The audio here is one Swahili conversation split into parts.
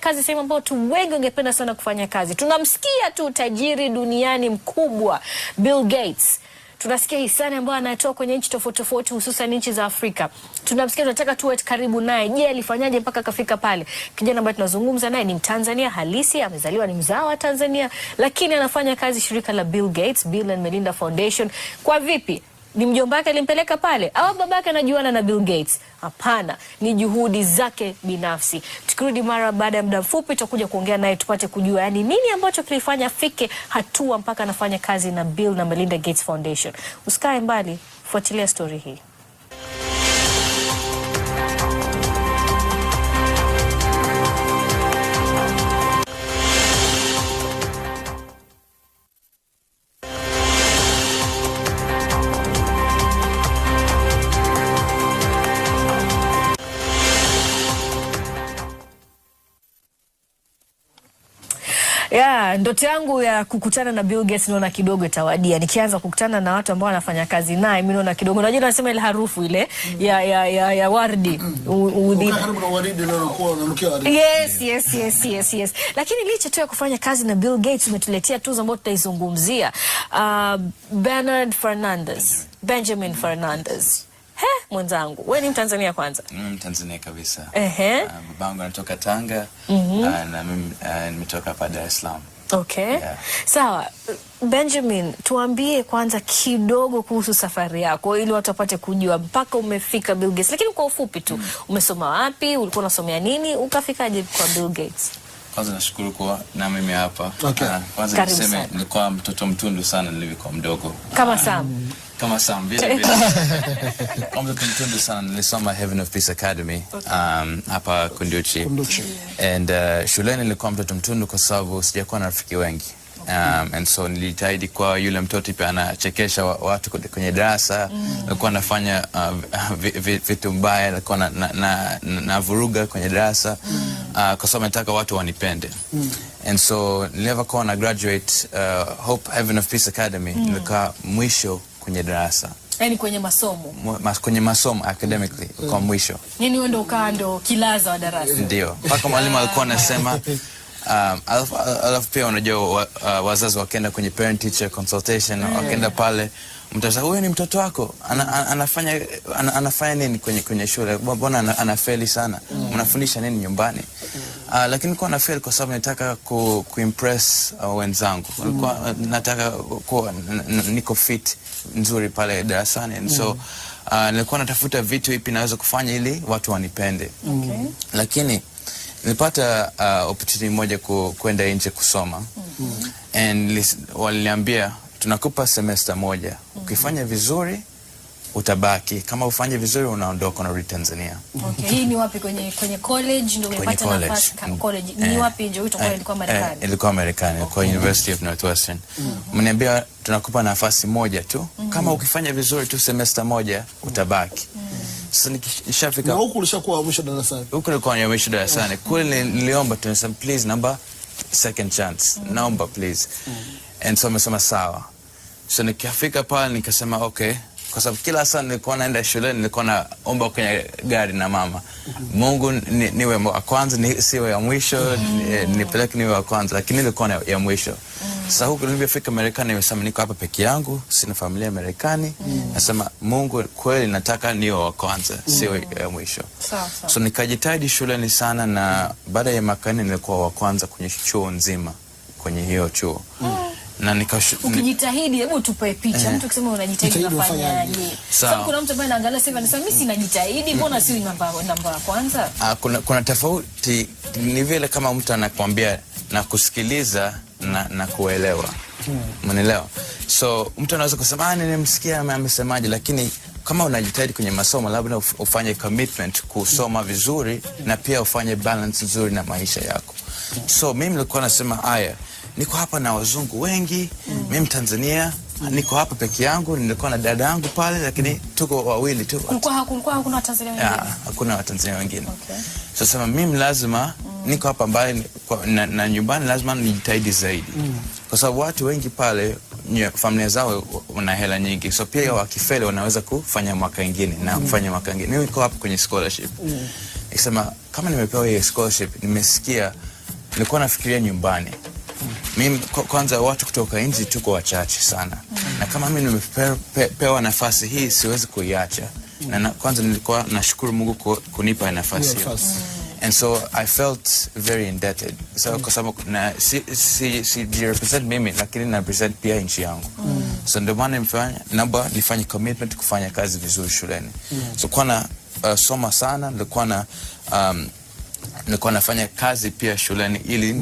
Kazi sehemu ambayo watu wengi wangependa sana kufanya kazi. Tunamsikia tu tajiri duniani mkubwa Bill Gates, tunasikia hisani ambayo anatoa kwenye nchi tofauti tofauti, hususan nchi za Afrika. Tunamsikia, tunataka tuwe karibu naye. Je, alifanyaje mpaka akafika pale? Kijana ambaye tunazungumza naye ni Mtanzania halisi, amezaliwa ni mzao wa Tanzania, lakini anafanya kazi shirika la Bill Gates, Bill and Melinda Foundation. Kwa vipi ni mjomba wake alimpeleka pale, au babake anajuana na Bill Gates? Hapana, ni juhudi zake binafsi. Tukirudi mara baada ya muda mfupi, tutakuja kuongea naye tupate kujua yani nini ambacho kilifanya afike hatua mpaka anafanya kazi na Bill na Melinda Gates Foundation. Usikae mbali, fuatilia stori hii. Yeah, ndoto yangu ya kukutana na Bill Gates naona kidogo itawadia. Nikianza kukutana na watu ambao wanafanya kazi naye, mimi naona kidogo. Unajua nasema ile harufu ile ya ya ya, ya waridi. Yes, yes, yes, yes, yes. Lakini licha tu ya kufanya kazi na Bill Gates umetuletea tuzo ambayo tutaizungumzia. Uh, Bernard Fernandez, Benjamin Fernandez. He, mwenzangu wewe ni Mtanzania kwanza? Mm, Mtanzania kabisa. Ehe. Uh, babangu anatoka Tanga mm -hmm. uh, na mimi uh, nimetoka hapa Dar es Salaam. Okay. Yeah. Sawa. Benjamin, tuambie kwanza kidogo kuhusu safari yako ili watu wapate kujua mpaka umefika Bill Gates. Lakini kwa ufupi tu, mm. umesoma wapi? Ulikuwa unasomea nini? Ukafikaje kwa Bill Gates? Kwanza nashukuru kuwa na mimi hapa. Okay. kwanza niseme nilikuwa mtoto mtundu sana nilivyokuwa mdogo. Kama uh, Sam kama Sam vile vile kama tunamtundu sana, nilisoma Heaven of Peace Academy um, hapa Kunduchi, Kunduchi. and uh, shuleni nilikuwa mtoto mtundu kwa sababu sijakuwa na rafiki wengi Um, and so nilijitahidi kwa yule mtoto pia anachekesha watu kwenye darasa mm. Alikuwa anafanya uh, vitu mbaya, alikuwa na, na, na, na vuruga kwenye darasa mm. Uh, kwa sababu nataka watu wanipende mm. And so nilivyokuwa na graduate uh, Hope Heaven of Peace Academy mm. Nilikuwa mwisho kwenye darasa yani kwenye masomo mas, kwenye masomo academically mm. kwa mwisho yani wewe ndo kando kilaza wa darasa ndio mpaka mwalimu alikuwa anasema Um, alafu, alafu pia unajua wa, uh, wazazi wakienda kwenye parent teacher consultation mm. wakienda pale mtasa huyu ni mtoto wako ana, anafanya, ana, anafanya nini kwenye, kwenye shule mbona ana, anafeli sana mm. mnafundisha nini nyumbani mm. uh, lakini kuwa nafeli kwa sababu nataka ku, ku impress uh, wenzangu mm. nataka kuwa niko fit mm nzuri pale darasani and so uh, nilikuwa natafuta vitu ipi naweza kufanya ili watu wanipende okay. Lakini nilipata uh, opportunity moja ku, kwenda nje kusoma mm -hmm. and waliniambia tunakupa semester moja mm-hmm. ukifanya vizuri utabaki kama ufanye vizuri unaondoka unarudi Tanzania. Okay, hii ni wapi kwenye kwenye college ndio umepata nafasi kama college? Ni eh. wapi ndio hiyo eh, college eh, ilikuwa Marekani? Ilikuwa Marekani, kwa University of Northwestern. Mm-hmm. Mniambia tunakupa nafasi moja tu. Mm-hmm. Kama ukifanya vizuri tu semester moja utabaki. Mm-hmm. Sasa nikishafika huko ulishakuwa mwisho darasani. Huko nilikuwa ni mwisho darasani. Kule niliomba tunasema please number second chance. Number please. And so nimesema sawa. So nikafika pale nikasema okay kwa sababu kila saa nilikuwa naenda shule nilikuwa naomba kwenye gari na mama, Mungu ni, niwe wa kwanza ni, siwe ya mwisho mm. nipeleke ni niwe wa kwanza, lakini nilikuwa ya mwisho Sasa huku nilivyofika Marekani, nimesema niko hapa peke yangu, sina familia Marekani mm. Nasema Mungu, kweli nataka niwe wa kwanza mm. siwe ya mwisho sa, sa. So nikajitahidi shuleni sana, na baada ya makani nilikuwa wa kwanza kwenye chuo nzima kwenye hiyo chuo mm na nikashu... Ukijitahidi, hebu tupe picha. Eh. Mtu akisema unajitahidi unafanyaje? Sababu kuna mtu ambaye anaangalia sifa anasema mimi sinajitahidi, mbona si namba namba ya kwanza? Ah, kuna kuna tofauti, ni vile kama mtu anakuambia na kusikiliza na, na kuelewa Mnaelewa? Hmm. So mtu anaweza kusema ah, nimemsikia amesemaje, lakini kama unajitahidi kwenye masomo, labda ufanye commitment kusoma vizuri na pia ufanye balance nzuri na maisha yako. Hmm. So mimi nilikuwa nasema haya niko hapa na wazungu wengi mm. Mimi Tanzania mm. Niko hapa peke yangu, nilikuwa na dada yangu pale, lakini mm. tuko wawili tu. Kulikuwa kulikuwa hakuna Watanzania wengine ya, ah, hakuna Watanzania wengine okay. Sasa so, mimi lazima mm. niko hapa mbali na, na nyumbani lazima nijitahidi zaidi mm. kwa sababu watu wengi pale familia zao wana hela nyingi, so pia mm. wakifeli wanaweza kufanya mwaka ingine na mm. kufanya mwaka ingine. Mimi niko hapa kwenye scholarship mm. Nikisema kama nimepewa hii scholarship, nimesikia nilikuwa nafikiria nyumbani mimi kwanza, watu kutoka nchi tuko wachache sana mm na kama mimi nimepewa pe, nafasi hii siwezi kuiacha mm -hmm. na kwanza nilikuwa nashukuru Mungu kunipa nafasi hiyo and so I felt very indebted so mm. kwa sababu na si, si, si represent mimi lakini na represent pia nchi yangu mm so ndio maana nimefanya namba nifanye commitment kufanya kazi vizuri shuleni mm so kwa na uh, soma sana nilikuwa na um, nilikuwa nafanya kazi pia shuleni ili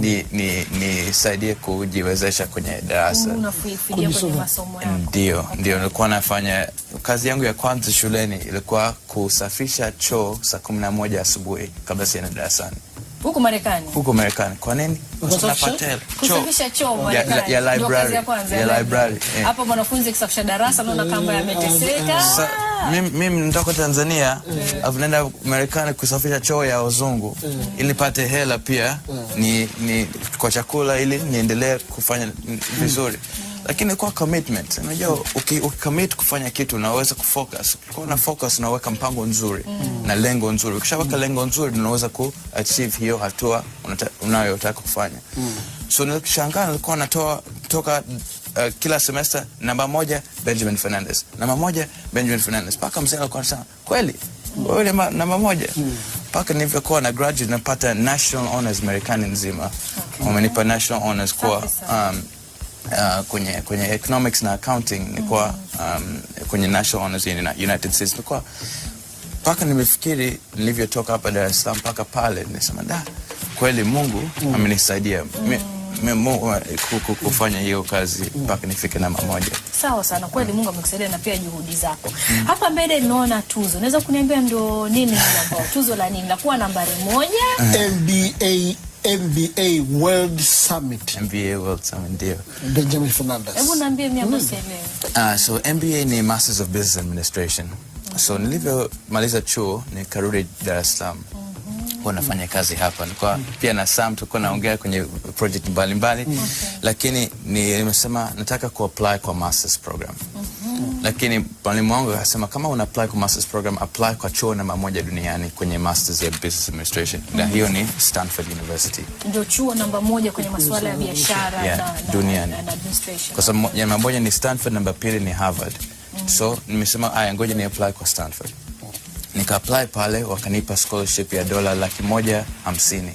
nisaidie ni, ni kujiwezesha kwenye darasa. Mm, mm, ndio, ndio nilikuwa nafanya kazi yangu ya kwanza shuleni ilikuwa kusafisha choo saa kumi na moja asubuhi kabla siende darasani huku Marekani, huku Marekani. Kwa nini? Kusafisha choo ya library, eh. hapo mwanafunzi darasa, naona yameteseka mimi nitoka Tanzania eh. afu naenda Marekani kusafisha choo ya wazungu eh. ili nipate hela pia eh. ni, ni kwa chakula ili niendelee kufanya vizuri mm. lakini kwa commitment, unajua commit kufanya kitu unaweza kufocus. Kwa na focus unaweka mpango nzuri mm. na lengo nzuri. Ukishaweka mm. lengo nzuri unaweza achieve hiyo hatua unayotaka kufanya mm. so nikishangaa nilikuwa natoa toka uh, kila semester namba moja Benjamin Fernandez, namba moja Benjamin Fernandez, mpaka mzee alikuwa anasema kweli hmm. wewe mm. namba moja mpaka hmm. mm. nilivyokuwa na graduate napata national honors Marekani nzima okay. wamenipa national honors kwa um, Uh, kwenye, kwenye economics na accounting nilikuwa hmm. um, kwenye national honors in United States nilikuwa mpaka nimefikiri nilivyotoka hapa Dar es Salaam mpaka pale nimesema da, kweli Mungu amenisaidia mm nimeamua eh, kufanya hiyo kazi mpaka nifike namba moja. Sawa sana kweli, Mungu amekusaidia na pia juhudi zako. Mm. Hapa mbele ninaona tuzo, naweza kuniambia ndo nini ambao tuzo la nini? La kuwa nambari moja MBA eh. MBA World Summit. MBA World Summit ndio. Benjamin Fernandez. Hebu niambie mimi hapo mm. sielewi. Ah, so MBA ni Masters of Business Administration. So nilivyomaliza chuo nikarudi Dar es Salaam. Mm nilipokuwa nafanya kazi hapa. Nilikuwa pia na Sam tulikuwa naongea kwenye project mbalimbali mbali. Mm-hmm. Okay. Lakini nimesema nataka ku apply kwa masters program. mm -hmm. Lakini mwalimu wangu akasema kama una apply kwa masters program, apply kwa chuo namba moja duniani kwenye masters ya business administration mm -hmm. Na hiyo ni Stanford University, ndio chuo namba moja kwenye masuala ya biashara yeah, na, duniani na, na administration, kwa sababu namba moja ni Stanford, namba pili ni Harvard mm -hmm. So nimesema aya, ngoja ni apply kwa Stanford. mm nikaapply pale, wakanipa scholarship ya dola laki moja hamsini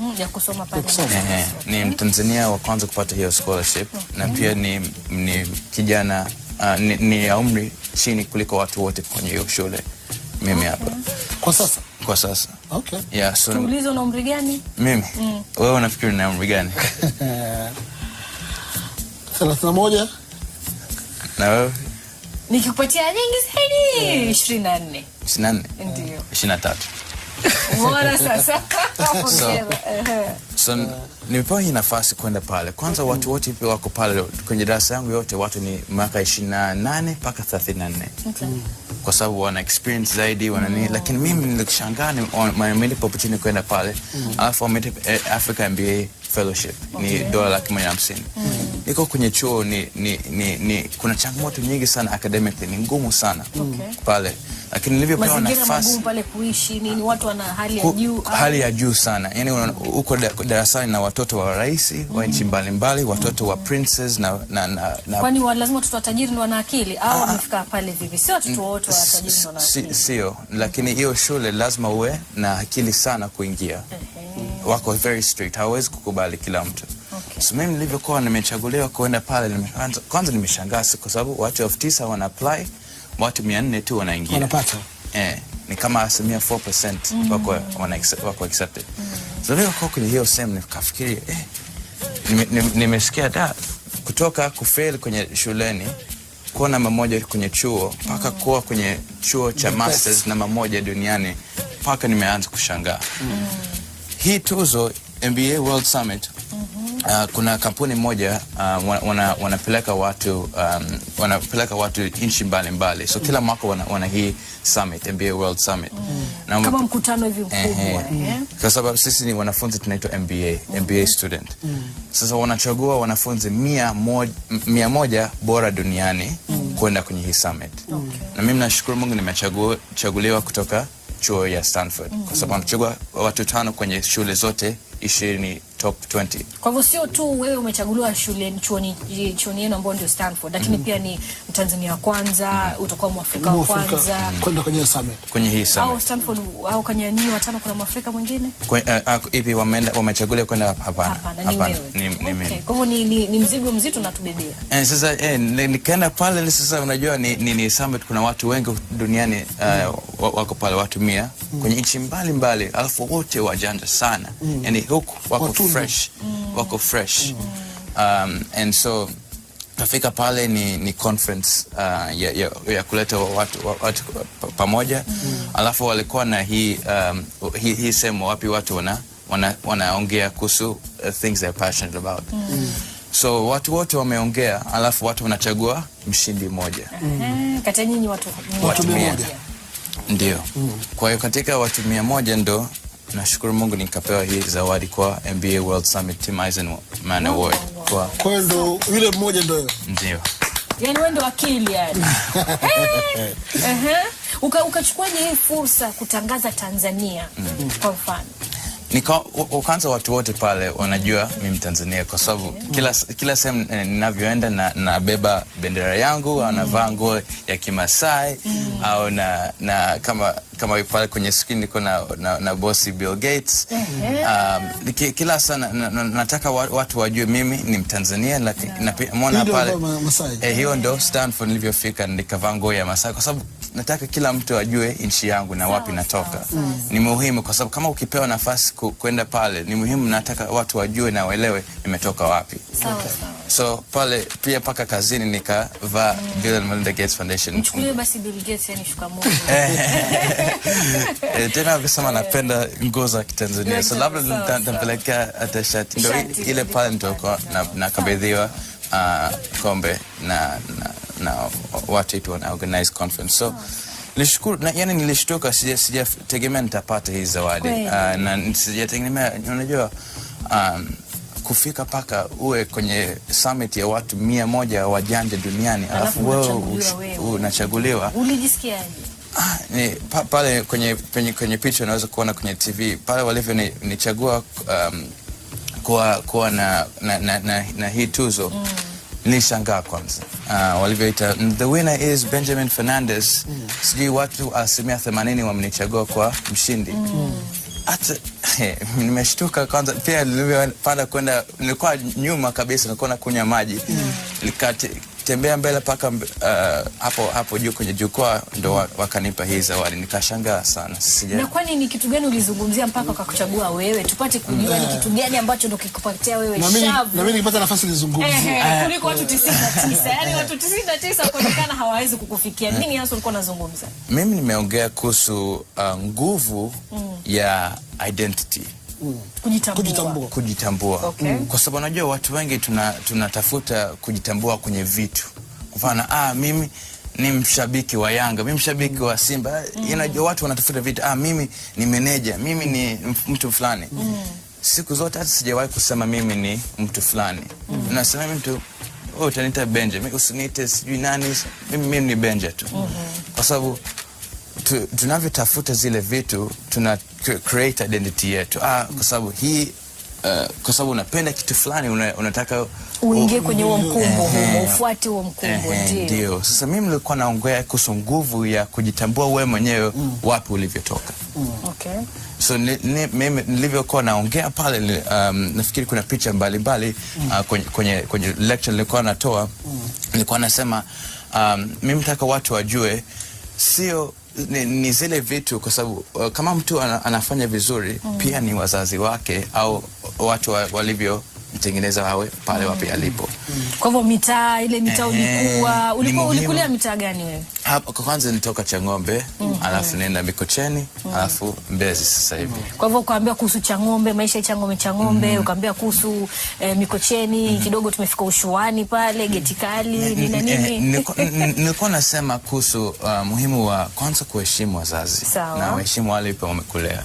mhm, eh, eh, ni Mtanzania wa kwanza kupata hiyo scholarship na pia ni, ni kijana uh, ni, ni ya umri chini kuliko watu wote kwenye hiyo shule mimi hapa. Kwa sasa kwa sasa. Okay. Yeah, so tuulize una umri gani? Mimi. Mm. Wewe unafikiri na umri gani? 31. Na wewe? Nikikupatia nyingi zaidi 24. Eh. so, nimepewa hii nafasi kwenda pale kwanza. Watu wote pia wako pale kwenye darasa yangu, yote watu ni mwaka nane mpaka na nne Kwa sababu wana experience zaidi wana nini, mm. lakini mimi nilikshangaa nimelipo chini kwenda pale, mm. alafu eh, Africa MBA fellowship ni dola laki moja hamsini mm niko kwenye chuo ni, ni, ni, ni kuna changamoto nyingi sana academically, ni ngumu sana okay. pale lakini nilivyopewa nafasi pale kuishi ni, ni watu wana hali ya juu, hali ya juu sana yani, uko darasani na watoto wa rais mm. -hmm. wa nchi mbalimbali, watoto mm. -hmm. wa princes na, na, na, na... kwani wa, lazima watoto watajiri ni wana akili au wamefika pale vivi Sio watoto wote wa tajiri ndio wana akili, sio lakini hiyo shule lazima uwe na akili sana kuingia, mm -hmm. wako very strict, hawezi kukubali kila mtu So mimi nilivyokuwa nimechaguliwa kuenda pale, kwanza nimeshangaa kwa sababu watu elfu tisa wana apply, watu mia nne tu wanaingia wanapata. Eh, ni kama asilimia 4% mm. wako wana wako accepted mm. So leo kwa kwenye hiyo sehemu nikafikiri eh, nimesikia nime da kutoka kufail kwenye shuleni kuwa namba moja kwenye chuo mpaka mm. kuwa kwenye chuo cha masters namba moja duniani mpaka nimeanza kushangaa mm. Hii tuzo MBA World Summit Uh, kuna kampuni moja uh, wana, wanapeleka watu um, wanapeleka watu nchi mbalimbali, so kila mwaka wana, wana hii summit, MBA World Summit mm. na kama mkutano hivi mkubwa eh, eh. Mm. Kwa sababu sisi ni wanafunzi tunaitwa MBA, mm. MBA student mm. Sasa wanachagua wanafunzi mia moja, mia moja bora duniani mm. kwenda kwenye hii summit okay. Na mimi nashukuru Mungu nimechaguliwa kutoka chuo ya Stanford mm. -hmm. kwa sababu wanachagua watu tano kwenye shule zote ishirini top 20. Kwa hivyo sio tu wewe umechaguliwa shule chuoni chuoni yenu ambao ndio Stanford, lakini mm. pia ni Mtanzania wa kwanza, mm utakuwa Mwafrika wa kwanza kwenda kwenye summit. Kwenye hii summit. Au Stanford au kwenye ni watano kuna Mwafrika mwingine? kwa eh, ah, Hivi wameenda wamechaguliwa kwenda hapana. Hapana, ni mimi. Kwa hivyo ni ni ni mzigo mzito na tubebea. Eh, sasa eh nikaenda ni pale ni sasa, unajua ni ni ni summit, kuna watu wengi duniani uh, mm. wako pale watu mia mm. kwenye nchi mbalimbali, alafu wote wajanja sana. Mm. Yaani kidogo wako Watunda. fresh mm. wako fresh mm. um, and so tafika pale ni, ni conference uh, ya, ya, ya kuleta watu, watu pamoja mm. alafu walikuwa na hii um, hi, hi sehemu wapi watu wana wanaongea wana kuhusu uh, things they're passionate about mm. So watu wote wameongea, alafu watu wanachagua mshindi mmoja mm. mm. kati ya nyinyi watu, watu mia ndio mm. Kwa hiyo katika watu mia moja ndo Nashukuru Mungu nikapewa hii zawadi kwa MBA World Summit Tim Eisenman Award. Kwa kwa ndo yule mmoja ndio. Ndio. Yaani yani wewe ndo akili yani. Eh ukachukua Ukachukua hii fursa kutangaza Tanzania mm. kwa mfano nika watu wote pale wanajua mi Mtanzania kwa sababu kila, kila sehemu eh, ninavyoenda na nabeba bendera yangu au navaa nguo ya Kimasai mm. au na, na kama kama pale kwenye skrini niko na, na, na bosi Bill Gates um, kila sa na, na, nataka watu wajue mimi ni Mtanzania lakini yeah. Mona pale eh, hiyo ndo Stanford nilivyofika nikavaa nguo ya Masai kwa sababu nataka kila mtu ajue nchi yangu na wapi natoka. Ni muhimu kwa sababu kama ukipewa nafasi kwenda pale, ni muhimu, nataka watu wajue na waelewe nimetoka wapi. So pale pia paka kazini nikavaa mm. Bill and Melinda Gates Foundation. Yaani eh, eh, tena akasema eh. napenda nguo za Kitanzania, so labda nitampelekea hata shati, ndio ile pale nitoka na ah, kombe na na what it wana organize conference so nilishukuru na, yani nilishtuka, sijategemea sija nitapata hii zawadi uh, na sijategemea unajua, um, kufika paka uwe kwenye summit ya watu mia moja wajanja duniani alafu wewe unachaguliwa. Ulijisikiaje? Ah, pale kwenye, kwenye, kwenye picha unaweza kuona kwenye TV pale walivyo nichagua ni um, kuwa, kuwa na, na, na, na, na hii tuzo mm. Nilishangaa kwanza Uh, walivyoita the winner is Benjamin Fernandes mm. Sijui watu asilimia uh, 80 kwa mshindi mm. nimeshtuka kwanza, pia nilivyopanda kwenda nilikuwa nyuma kabisa, nilikuwa nakunywa maji mm. Likati, tembea mbele paka mpaka uh, hapo hapo juu kwenye jukwaa ndo wakanipa hii zawadi, nikashangaa sana. Sija. Na kwani ni kitu gani ulizungumzia mpaka wakakuchagua wewe? Tupate kujua ni mm. kitu gani ambacho ndo kikupatia wewe shavu. Na mimi nikipata nafasi nizungumzie. Eh, Kuliko watu 99, eh. yani watu 99 kuonekana hawawezi kukufikia. Eh. Nini hasa ulikuwa unazungumza? Mimi nimeongea kuhusu uh, nguvu mm. ya identity kujitambua, kujitambua. kujitambua. Okay. Mm. Kwa sababu najua watu wengi tunatafuta tuna kujitambua kwenye vitu kwa mfano, ah, mimi ni mshabiki wa Yanga, mimi mshabiki mm. wa Simba mm. inajua watu wanatafuta vitu, ah, mimi ni meneja, mimi ni mtu fulani mm. Siku zote hata sijawahi kusema mimi ni mtu fulani mm. Nasema mtu wewe utaniita Benja, mimi usiniite sijui nani, mimi, mimi ni Benja tu mm -hmm. kwa sababu tu, tunavyotafuta zile vitu tuna create identity yetu ah, kwa sababu hii Uh, kwa sababu unapenda kitu fulani una, unataka uingie kwenye huo mkumbo huo ufuate huo mkumbo. Ndio sasa mimi nilikuwa naongea kuhusu nguvu ya kujitambua wewe mwenyewe mm. wapi ulivyotoka mm. Okay. So mimi nilivyokuwa naongea pale um, nafikiri kuna picha mbalimbali mm. uh, kwenye, kwenye, kwenye lecture nilikuwa natoa mm. nilikuwa nasema um, mimi nataka watu wajue sio ni, ni zile vitu kwa sababu uh, kama mtu anafanya vizuri mm. pia ni wazazi wake au watu wa, walivyo mtengeneza wawe pale wapi mm. alipo. Kwa hivyo mitaa ile mitaa ulikuwa ulikuwa ulikulia mitaa gani wewe? Hapo kwa kwanza nilitoka Chang'ombe, mm. alafu nenda Mikocheni, mm. alafu Mbezi sasa hivi. Kwa hivyo ukaambia kuhusu Chang'ombe, maisha ya Chang'ombe Chang'ombe, mm-hmm. ukaambia kuhusu eh, Mikocheni, mm-hmm. kidogo tumefika Ushuani pale, mm-hmm. geti kali ni nini? Eh, nilikuwa nasema kuhusu uh, muhimu wa kwanza kuheshimu wazazi na waheshimu wale ambao wamekulea.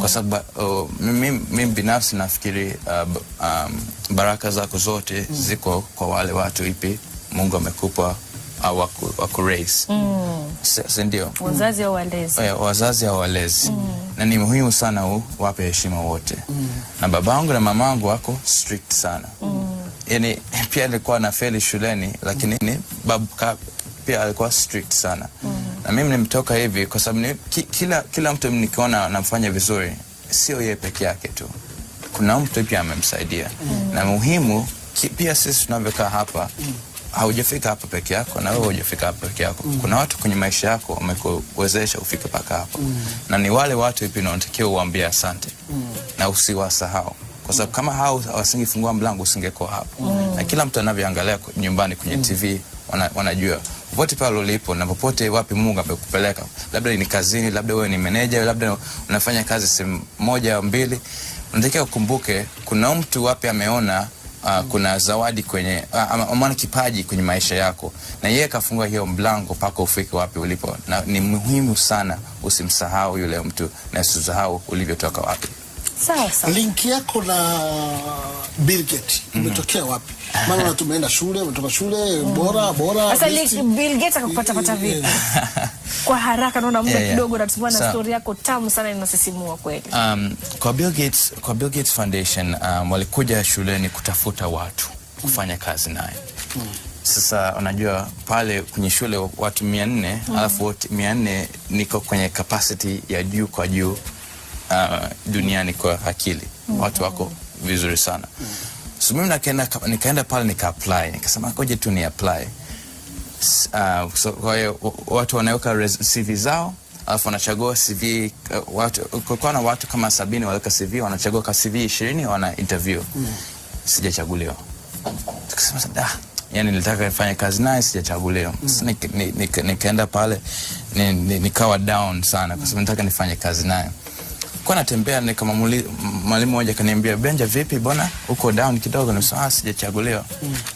Kwa sababu uh, mimi binafsi nafikiri uh, um, baraka zako zote mm. ziko kwa wale watu ipi Mungu amekupa au waku, waku raise mm. si ndio? Wazazi au walezi, eh, wazazi au walezi mm. na ni muhimu sana u, wape heshima wote mm. na babangu na mamangu wako strict sana mm. yani pia alikuwa na feli shuleni lakini mm. babu pia alikuwa strict sana mm. na mimi nimetoka hivi kwa sababu ki, kila, kila mtu nikiona anafanya vizuri sio yeye peke yake tu kuna mtu pia amemsaidia mm. na muhimu pia sisi tunavyokaa hapa mm. haujafika hapa peke yako na wewe hujafika hapa peke yako mm. kuna watu kwenye maisha yako wamekuwezesha ufike paka hapa mm. na ni wale watu pia unatakiwa uambie asante mm. na usiwasahau kwa sababu kama hao wasingefungua mlango usingekuwa hapa mm. na kila mtu anavyoangalia nyumbani kwenye mm. TV wana, wanajua popote pale ulipo na popote wapi Mungu amekupeleka, labda ni kazini, labda wewe ni meneja, labda unafanya kazi sehemu moja au mbili nataka ukumbuke kuna mtu wapi ameona Uh, kuna zawadi kwenye uh, ama kipaji kwenye maisha yako, na yeye kafungua hiyo mlango mpaka ufike wapi ulipo, na ni muhimu sana usimsahau yule mtu na usisahau ulivyotoka wapi. Sawa Link yako na Bilget umetokea mm-hmm. wapi? Maana na tumeenda shule, umetoka shule bora mm. bora. Sasa akakupata pata eh. vipi? Kwa haraka naona muda kidogo na story yako tamu sana inasisimua kweli. Um, kwa Bill Gates, kwa Bill Gates Foundation um, walikuja shuleni kutafuta watu kufanya kazi naye. Mm. Sasa unajua pale kwenye shule watu 400, mm. alafu wote 400 niko kwenye capacity ya juu kwa juu uh, duniani kwa akili mm -hmm. Watu wako vizuri sana mm -hmm. So mimi nikaenda nikaenda pale nika apply nikasema ngoja tu ni apply uh, so, kwa hiyo watu wanaweka CV zao alafu wanachagua CV uh, watu, kulikuwa na watu kama sabini waweka CV wanachagua ka CV 20 wana interview mm -hmm. Sijachaguliwa tukasema ah, yani nilitaka nifanye kazi naye sijachaguliwa. mm. Nikaenda pale nikawa down sana, kwa sababu mm. nitaka nifanye kazi naye kwa natembea ni kama mwalimu mmoja kaniambia, Benja, vipi bwana, uko down kidogo? Nimesema ah, sijachaguliwa.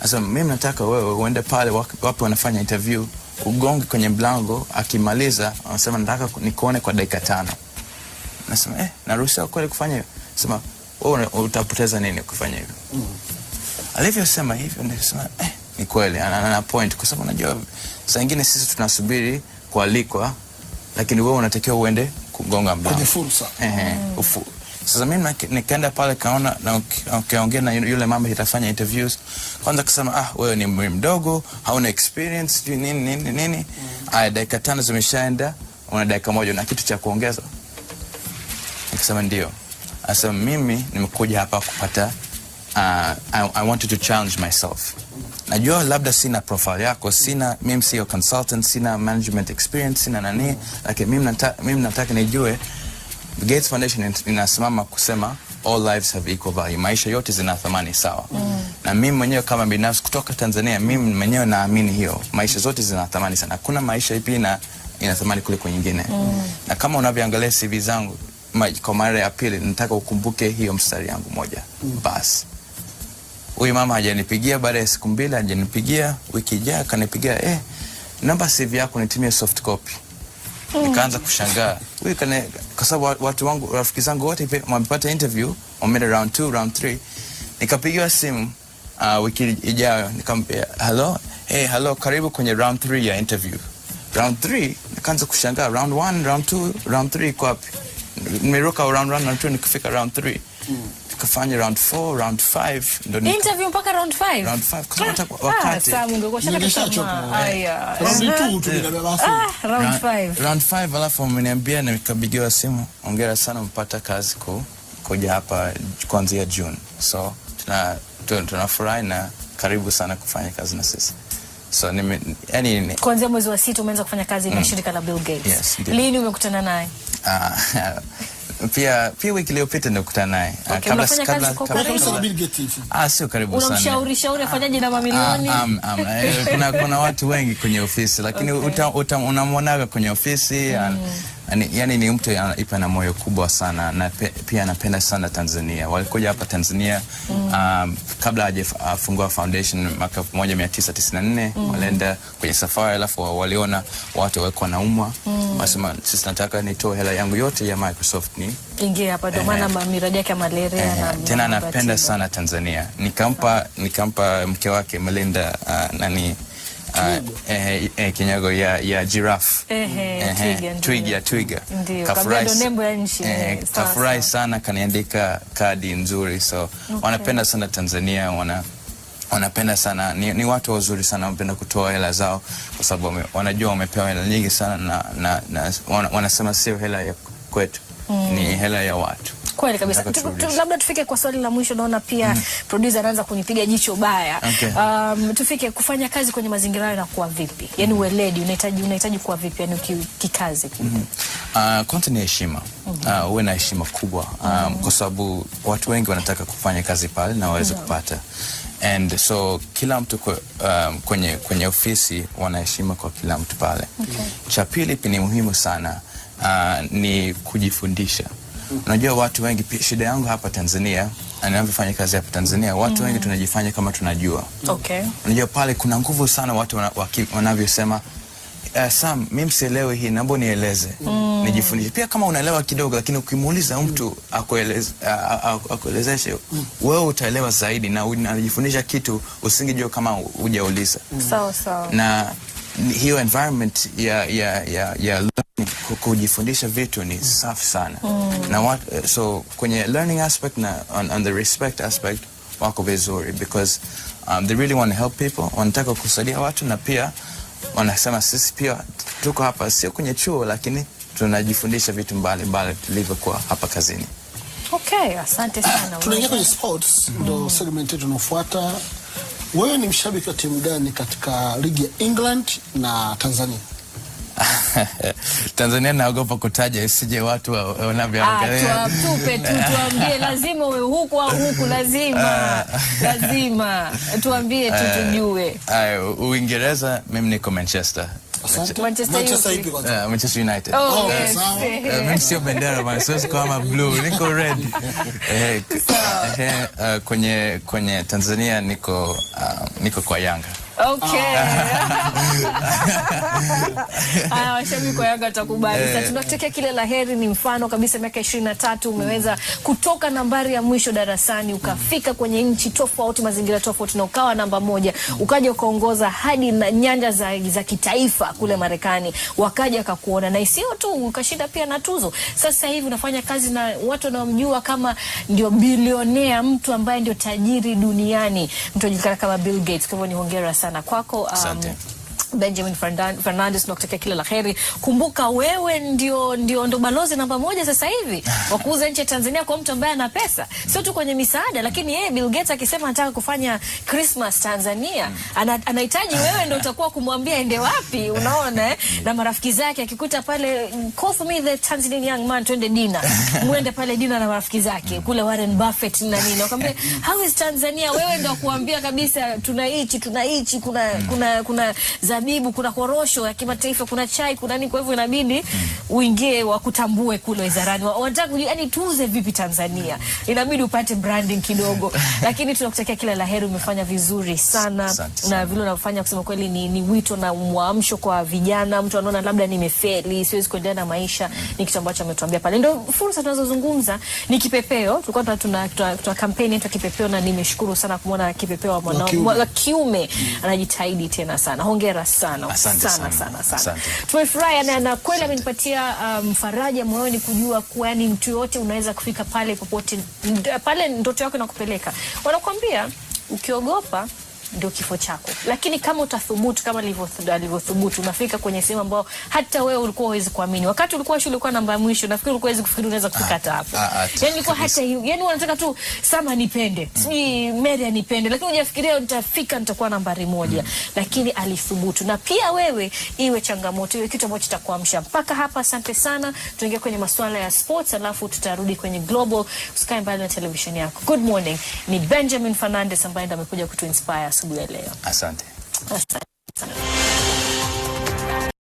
Sasa mm. mimi nataka wewe uende pale wapo wanafanya interview, ugonge kwenye mlango. Akimaliza anasema nataka nikuone kwa dakika tano. Nasema eh, naruhusiwa kweli kufanya hivyo? Sema wewe utapoteza nini kufanya hivyo? mm. Alivyosema hivyo nikasema eh, ni kweli, ana point, kwa sababu unajua saa nyingine sisi tunasubiri kualikwa, lakini wewe unatakiwa uende kugonga mlango kwenye fursa. eh, eh, ufu sasa mimi nikaenda pale kaona na ukiongea na yule mama itafanya interviews, kwanza kusema ah, wewe ni mdogo, hauna experience juu nini nini nini. Mm. Aya, dakika tano zimeshaenda, una dakika moja na kitu cha kuongeza. Nikasema ndio. Asa mimi nimekuja hapa kupata uh, I, I wanted to challenge myself najua labda sina profile yako, sina mimi, sio consultant, sina management experience, sina nani, lakini mimi nataka mimi nataka nijue Gates Foundation inasimama kusema all lives have equal value, maisha yote zina thamani sawa. Mm. Na mimi mwenyewe kama binafsi kutoka Tanzania, mimi mwenyewe naamini hiyo, maisha zote zina thamani sana, Kuna maisha ipi na ina thamani kuliko nyingine. Mm. Na kama unavyoangalia CV zangu kwa mara ya pili, nataka ukumbuke hiyo mstari yangu moja. Mm. Basi huyu mama hajanipigia, baada ya siku mbili hajanipigia, wiki ijayo akanipigia, eh, namba CV yako nitumie soft copy. Nikaanza kushangaa huyu kane, kwa sababu watu wangu rafiki zangu wote wamepata interview, wameenda round 2 round 3. Nikapigiwa simu uh, wiki ijayo nikamwambia hello, hey hello, karibu kwenye round 3 ya interview. Round 3 nikaanza kushangaa, round 1 round 2 round 3 iko wapi? Nimeruka round 1 round 2 nikafika round 3 tukafanya round 4 round 5 ndo interview mpaka round 5 round 5 kwa sababu wakati ah, Samu mungekuwa shaka kusema haya round 2 eh. tumebeba ah round 5 round 5 alafu ameniambia na nikabigiwa simu hongera sana mpata kazi ku kuja hapa kuanzia June so tuna tunafurahi na karibu sana kufanya kazi na sisi So nime, yani, kuanzia mwezi wa 6 umeanza kufanya kazi mm, na shirika la Bill Gates. Yes, lini umekutana naye? Ah, pia pia wiki iliyopita nimekutana naye okay, ah, kabla kabla, kabla ah sio karibu sana, unamshauri shauri afanyaje na mamilioni. Ah, eh, kuna kuna watu wengi kwenye ofisi, lakini okay. utamwonaga kwenye ofisi mm yani, yani ni mtu ipa na moyo kubwa sana na pe, pia anapenda sana Tanzania. Walikuja hapa Tanzania mm. um, kabla hajafungua foundation mwaka 1994 mm. walienda kwenye safari, alafu waliona watu wako umwa mm. wasema sisi nataka nitoe hela yangu yote ya Microsoft ni ingie hapa, ndio maana eh. miradi yake malaria eh, na tena anapenda sana Tanzania. Nikampa nikampa mke wake Melinda uh, nani uh, kinyago ya, ya giraffe twiga twiga kafurahi sana kaniandika kadi nzuri so okay. Wanapenda sana Tanzania wana wanapenda sana ni, ni watu wazuri sana, wanapenda kutoa hela zao kwa sababu wanajua wamepewa hela nyingi sana na, na, na wanasema sio hela ya kwetu mm. Ni hela ya watu. Kweli kabisa. Labda tufike kwa swali la mwisho, naona pia mm. producer anaanza kunipiga jicho baya. Okay. Um, tufike kufanya kazi kwenye mazingira hayo na kuwa vipi? Yaani mm. weledi unahitaji unahitaji kuwa vipi yani kikazi Mm -hmm. Uh, kwanza ni heshima. Mm -hmm. Uh, uwe na heshima kubwa. Um, mm -hmm. kwa sababu watu wengi wanataka kufanya kazi pale na waweze kupata and so kila mtu kwe, um, kwenye, kwenye ofisi wanaheshima kwa kila mtu pale. Okay. Cha pili ni muhimu sana uh, ni kujifundisha Unajua watu wengi, shida yangu hapa Tanzania anavyofanya kazi hapa Tanzania, watu mm. wengi tunajifanya kama tunajua. Okay. Unajua pale kuna nguvu sana watu wanavyosema Uh, Sam, mimi msielewe hii, naomba nieleze. Mm. Nijifundishe. Pia kama unaelewa kidogo, lakini ukimuuliza mm. mtu akuelezeshe, mm. wewe utaelewa zaidi na unajifundisha kitu usingejua kama hujauliza. Sawa sawa. Na hiyo environment ya ya ya, ya kujifundisha vitu ni safi sana mm. na wat, eh, so kwenye learning aspect na on, on the respect aspect wako vizuri because um, they really want to help people, wanataka kusaidia watu na pia wanasema sisi pia tuko hapa sio kwenye chuo, lakini tunajifundisha vitu mbalimbali tulivyokuwa hapa kazini. Okay, asante sana. Tunaingia kwenye sports, ndo segment yetu inafuata. Wewe ni mshabiki wa timu gani katika ligi ya England na Tanzania? Tanzania naogopa kutaja isije watu wanavyoangalia. Ah, Tuwatupe tu, tuambie lazima uwe huku au huku, lazima ah. lazima tuambie tu eh, tujue. Ah, Uingereza, mimi niko Manchester. Manchester United. Eh, oh, oh, eh, mimi sio bendera bwana, siwezi kuhama blue, niko red. Kwenye kwenye Tanzania niko ah, niko kwa Yanga. Okay. Haya, washabiki wa Yanga watakubali. Eh. Na tunakutakia kile la heri. Ni mfano kabisa, miaka ishirini na tatu umeweza kutoka nambari ya mwisho darasani ukafika kwenye nchi tofauti, mazingira tofauti, na ukawa namba moja, ukaja ukaongoza hadi na nyanja za, za kitaifa kule Marekani, wakaja wakakuona, na sio tu ukashinda pia na tuzo. Sasa hivi unafanya kazi na watu wanaomjua kama ndio bilionea, mtu ambaye ndio tajiri duniani, mtu anajulikana kama Bill Gates. Kwa hivyo ni hongera sana kwako, um, Benjamin Fernandes, nakutakia kila la heri. Kumbuka wewe ndio, ndio, ndio balozi namba moja sasa hivi wa kuuza nchi ya Tanzania kwa mtu ambaye ana pesa, sio tu kwenye misaada, lakini yeye Bill Gates akisema anataka kufanya Christmas Tanzania ana, anahitaji wewe ndio utakuwa kumwambia ende wapi, unaona eh? na marafiki zake akikuta pale call for me the Tanzanian young man, twende dina, muende pale dina na marafiki zake kule Warren Buffett na nini, akamwambia how is Tanzania, wewe ndio kuambia kabisa, tunaichi tunaichi, kuna kuna kuna za zabibu, kuna korosho ya kimataifa, kuna chai, kuna nini. Kwa hivyo inabidi mm. uingie wakutambue kule wizarani, wanataka kujua yani tuuze vipi Tanzania, inabidi upate branding kidogo lakini tunakutakia kila la heri, umefanya vizuri sana na vile unavyofanya kusema kweli ni, ni wito na mwamsho kwa vijana. Mtu anaona labda nimefeli, siwezi kuendelea na maisha, mm. ni kitu ambacho ametuambia pale. Ndio fursa tunazozungumza, ni kipepeo. Tulikuwa tuna, tuna, tuna, tuna kampeni yetu kipepeo na nimeshukuru sana kumwona kipepeo wa mwanao wa kiume mm. anajitahidi tena sana. Hongera sana asante sana sana sana. Tumefurahi na kweli amenipatia um, moyoni kujua kuwa yani mtu yoyote unaweza kufika pale popote pale ndoto yako inakupeleka. Wanakuambia ukiogopa ndio kifo chako. Lakini kama utathubutu kama alivyothubutu, unafika kwenye sehemu ambayo hata wewe ulikuwa huwezi kuamini. Wakati ulikuwa shule ulikuwa namba ya mwisho, nafikiri ulikuwa huwezi kufikiri unaweza kufika ah, hata hapo. Ah, ah, yani ilikuwa hata hiyo, yani wanataka tu Sama nipende, sijui Mary anipende, lakini hujafikiria nitafika nitakuwa nambari moja. Mm. Lakini alithubutu, na pia wewe iwe changamoto, iwe kitu ambacho kitakuamsha. Mpaka hapa, asante sana. Tuingie kwenye masuala ya sports, alafu tutarudi kwenye global. Usikae mbali na televisheni yako. Good morning, ni Benjamin Fernandez ambaye ndo amekuja kutuinspire asubuhi ya leo. Asante, asante.